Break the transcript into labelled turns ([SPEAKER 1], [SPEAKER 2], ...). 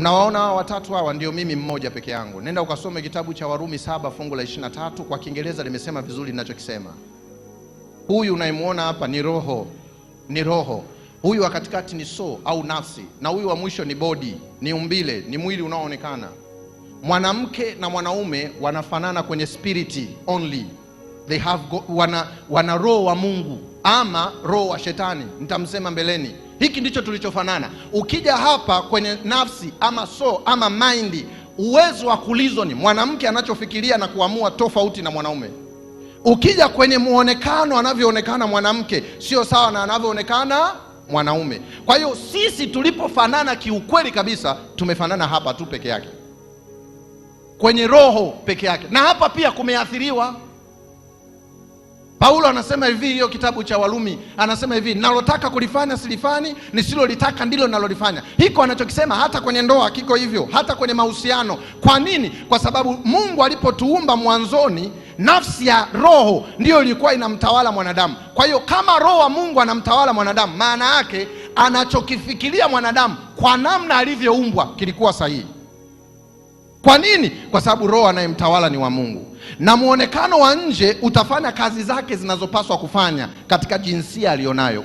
[SPEAKER 1] Mnawaona hawa watatu hawa, ndio mimi mmoja peke yangu. Nenda ukasome kitabu cha Warumi saba fungu la tatu Kwa Kiingereza limesema vizuri ninachokisema. Huyu unayemwona hapa ni roho, ni roho. Huyu wa katikati ni soul au nafsi, na huyu wa mwisho ni body, ni umbile, ni mwili unaoonekana. Mwanamke na mwanaume wanafanana kwenye spirit only, they have go, wana, wana roho wa Mungu ama roho wa shetani, nitamsema mbeleni hiki ndicho tulichofanana. Ukija hapa kwenye nafsi ama so ama mind, uwezo wa kulizoni mwanamke anachofikiria na kuamua tofauti na mwanaume. Ukija kwenye muonekano, anavyoonekana mwanamke sio sawa na anavyoonekana mwanaume. Kwa hiyo sisi tulipofanana kiukweli kabisa, tumefanana hapa tu peke yake, kwenye roho peke yake, na hapa pia kumeathiriwa Paulo anasema hivi, hiyo kitabu cha Warumi anasema hivi, nalotaka kulifanya silifani, nisilolitaka ndilo nalolifanya. Hiko anachokisema hata kwenye ndoa kiko hivyo, hata kwenye mahusiano. Kwa nini? Kwa sababu Mungu alipotuumba mwanzoni, nafsi ya roho ndiyo ilikuwa inamtawala mwanadamu. Kwa hiyo kama roho wa Mungu anamtawala mwanadamu, maana yake anachokifikiria mwanadamu kwa namna alivyoumbwa kilikuwa sahihi. Kwa nini? Kwa sababu roho anayemtawala ni wa Mungu na muonekano wa nje utafanya kazi zake zinazopaswa kufanya katika jinsia aliyonayo.